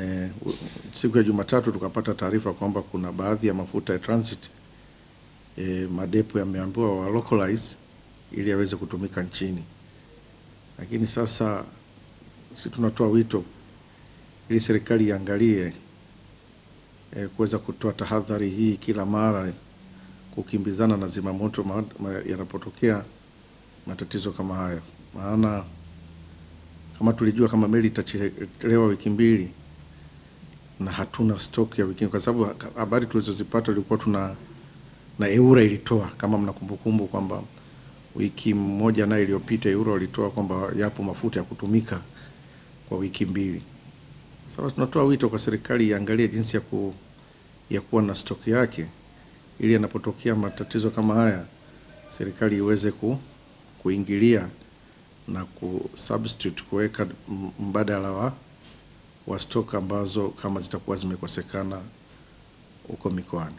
eh, siku ya Jumatatu tukapata taarifa kwamba kuna baadhi ya mafuta ya transit eh, madepo yameambiwa wa localize ili yaweze kutumika nchini, lakini sasa si tunatoa wito ili serikali iangalie eh, kuweza kutoa tahadhari hii kila mara kukimbizana na zimamoto ma, ma, yanapotokea matatizo kama hayo, maana kama tulijua kama meli itachelewa wiki mbili na hatuna stock ya wiki, kwa sababu habari tulizozipata ilikuwa tuna na EURA ilitoa kama mnakumbukumbu kwamba wiki moja nayo iliyopita EURA walitoa kwamba yapo mafuta ya kutumika kwa wiki mbili. Sasa tunatoa wito kwa serikali iangalie jinsi ya, ku, ya kuwa na stock yake ili yanapotokea matatizo kama haya serikali iweze ku, kuingilia na substitute kuweka mbadala wa wa stoka ambazo kama zitakuwa zimekosekana huko mikoani.